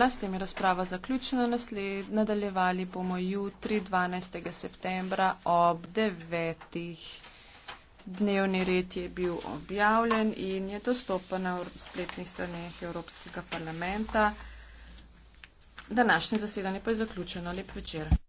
Hvala, s tem je razprava zaključena. Nasled, nadaljevali bomo jutri 12. septembra ob 9. Dnevni red je bil objavljen in je dostopen na spletnih straneh Evropskega parlamenta. Današnje zasedanje pa je zaključeno. Lep večer.